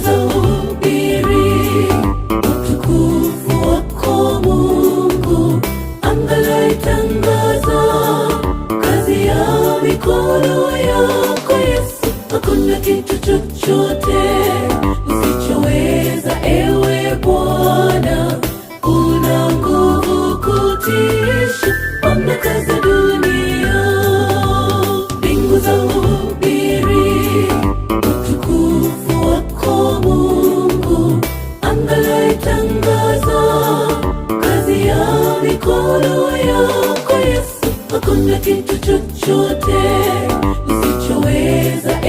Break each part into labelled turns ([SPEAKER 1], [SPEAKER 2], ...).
[SPEAKER 1] tutahubiri utukufu wako Mungu, angalaitangaza kazi ya mikono yako Yesu, hakuna kitu chochote mikono yako Yesu, hakuna kitu chochote usichoweza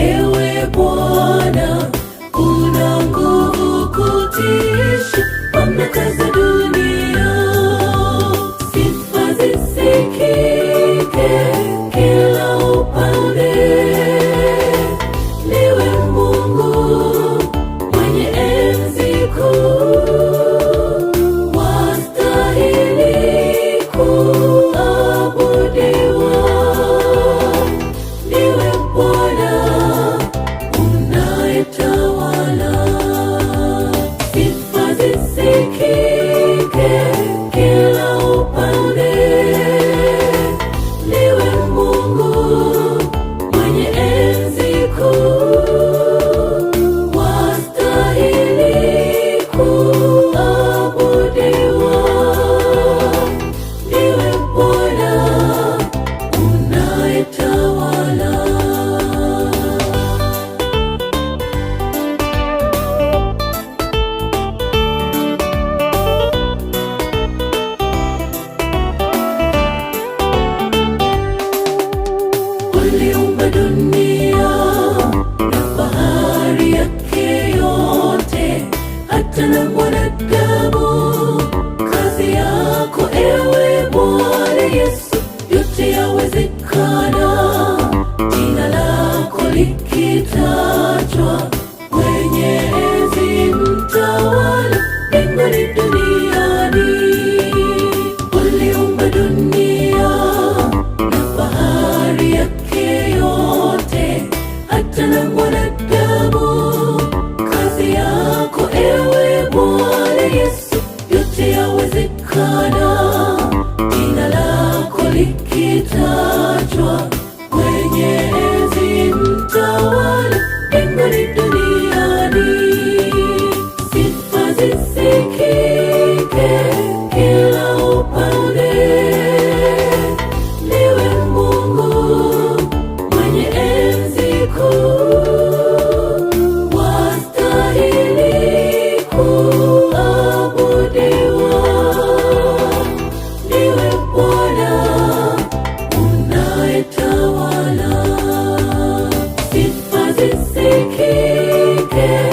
[SPEAKER 1] kuitwa mwenye enzi, mtawala mbinguni, duniani, sifa zisikike kila upande. Niwe Mungu mwenye enzi kuu Yeah.